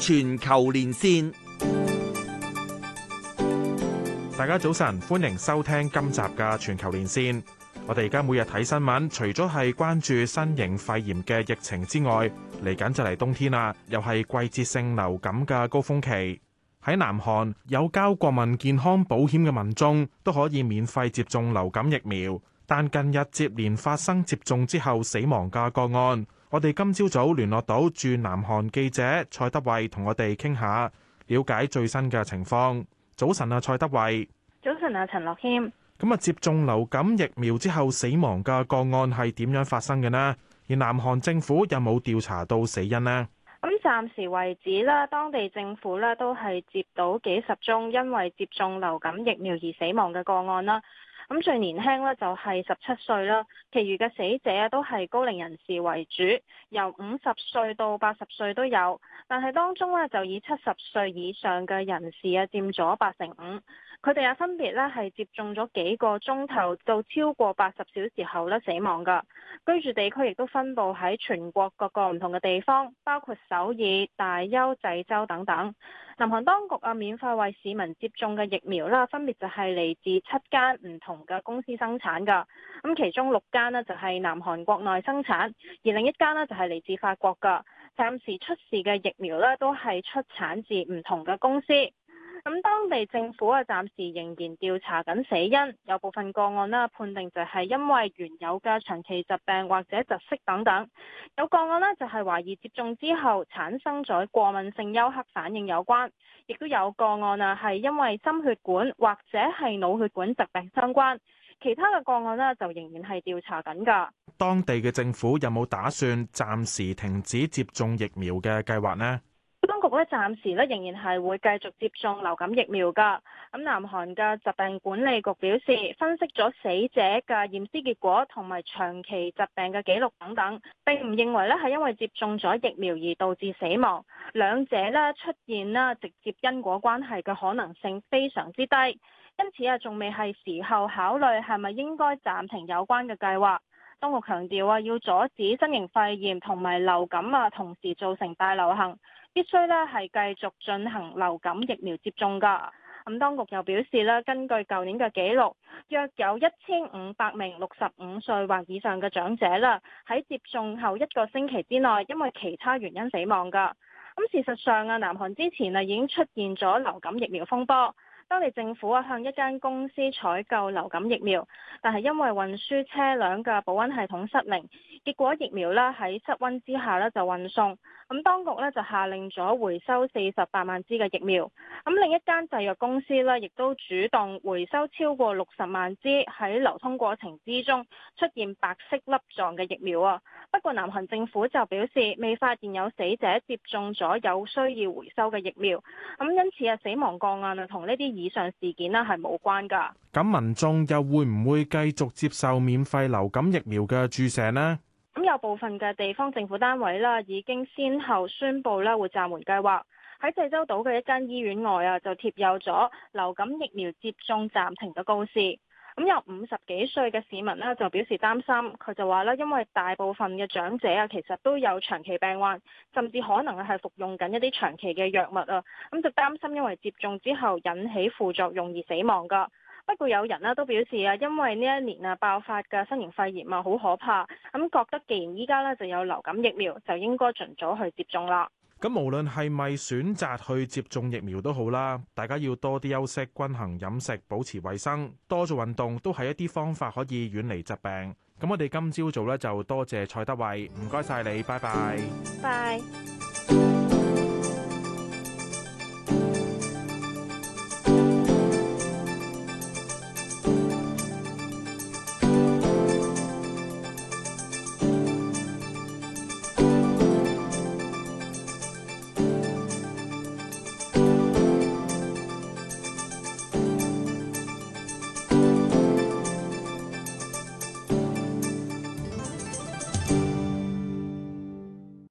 全球連線，大家早晨，歡迎收聽今集嘅全球連線。我哋而家每日睇新聞，除咗係關注新型肺炎嘅疫情之外，嚟緊就嚟冬天啦，又係季節性流感嘅高峰期。喺南韓，有交國民健康保險嘅民眾都可以免費接種流感疫苗，但近日接連發生接種之後死亡嘅個案。我哋今朝早聯絡到駐南韓記者蔡德蕙，同我哋傾下，了解最新嘅情況。早晨啊，蔡德蕙。早晨啊，陳樂謙。咁啊，接種流感疫苗之後死亡嘅個案係點樣發生嘅呢？而南韓政府有冇調查到死因呢？咁暫時為止啦，當地政府呢都係接到幾十宗因為接種流感疫苗而死亡嘅個案啦。咁最年輕咧就係十七歲啦，其餘嘅死者啊都係高齡人士為主，由五十歲到八十歲都有，但係當中咧就以七十歲以上嘅人士啊佔咗八成五。佢哋啊分別咧係接種咗幾個鐘頭到超過八十小時後咧死亡㗎，居住地區亦都分布喺全國各個唔同嘅地方，包括首爾、大邱、濟州等等。南韓當局啊免費為市民接種嘅疫苗啦，分別就係嚟自七間唔同嘅公司生產㗎。咁其中六間呢，就係南韓國內生產，而另一間呢，就係嚟自法國㗎。暫時出事嘅疫苗呢，都係出產自唔同嘅公司。咁當地政府啊，暫時仍然調查緊死因，有部分個案判定就係因為原有嘅長期疾病或者窒息等等，有個案咧就係懷疑接種之後產生咗過敏性休克反應有關，亦都有個案啊係因為心血管或者係腦血管疾病相關，其他嘅個案就仍然係調查緊噶。當地嘅政府有冇打算暫時停止接種疫苗嘅計劃呢？我哋暫時仍然係會繼續接種流感疫苗㗎。咁南韓嘅疾病管理局表示，分析咗死者嘅驗屍結果同埋長期疾病嘅記錄等等，並唔認為呢係因為接種咗疫苗而導致死亡。兩者呢出現啦直接因果關係嘅可能性非常之低，因此啊，仲未係時候考慮係咪應該暫停有關嘅計劃。當局強調啊，要阻止新型肺炎同埋流感啊，同時造成大流行，必須咧係繼續進行流感疫苗接種噶咁當局又表示咧，根據舊年嘅記錄，約有一千五百名六十五歲或以上嘅長者啦，喺接種後一個星期之內，因為其他原因死亡噶咁事實上啊，南韓之前啊已經出現咗流感疫苗風波。當地政府啊向一間公司採購流感疫苗，但係因為運輸車輛嘅保溫系統失靈，結果疫苗喇喺室溫之下呢就運送。咁當局呢就下令咗回收四十八萬支嘅疫苗，咁另一間製藥公司呢亦都主動回收超過六十萬支喺流通過程之中出現白色粒狀嘅疫苗啊。不過南韓政府就表示未發現有死者接種咗有需要回收嘅疫苗，咁因此啊死亡個案啊同呢啲以上事件呢，係冇關㗎。咁民眾又會唔會繼續接受免費流感疫苗嘅注射呢？有部分嘅地方政府單位啦，已經先後宣布咧會暫緩計劃。喺濟州島嘅一間醫院外啊，就貼有咗流感疫苗接種暫停嘅告示。咁有五十幾歲嘅市民咧就表示擔心，佢就話咧，因為大部分嘅長者啊，其實都有長期病患，甚至可能係服用緊一啲長期嘅藥物啊，咁就擔心因為接種之後引起副作用而死亡噶。不過有人呢都表示啊，因為呢一年啊爆發嘅新型肺炎啊好可怕，咁覺得既然依家咧就有流感疫苗，就應該盡早去接種啦。咁無論係咪選擇去接種疫苗都好啦，大家要多啲休息，均衡飲食，保持衛生，多做運動，都係一啲方法可以遠離疾病。咁我哋今朝早咧就多謝蔡德蕙，唔該晒你，拜拜，拜。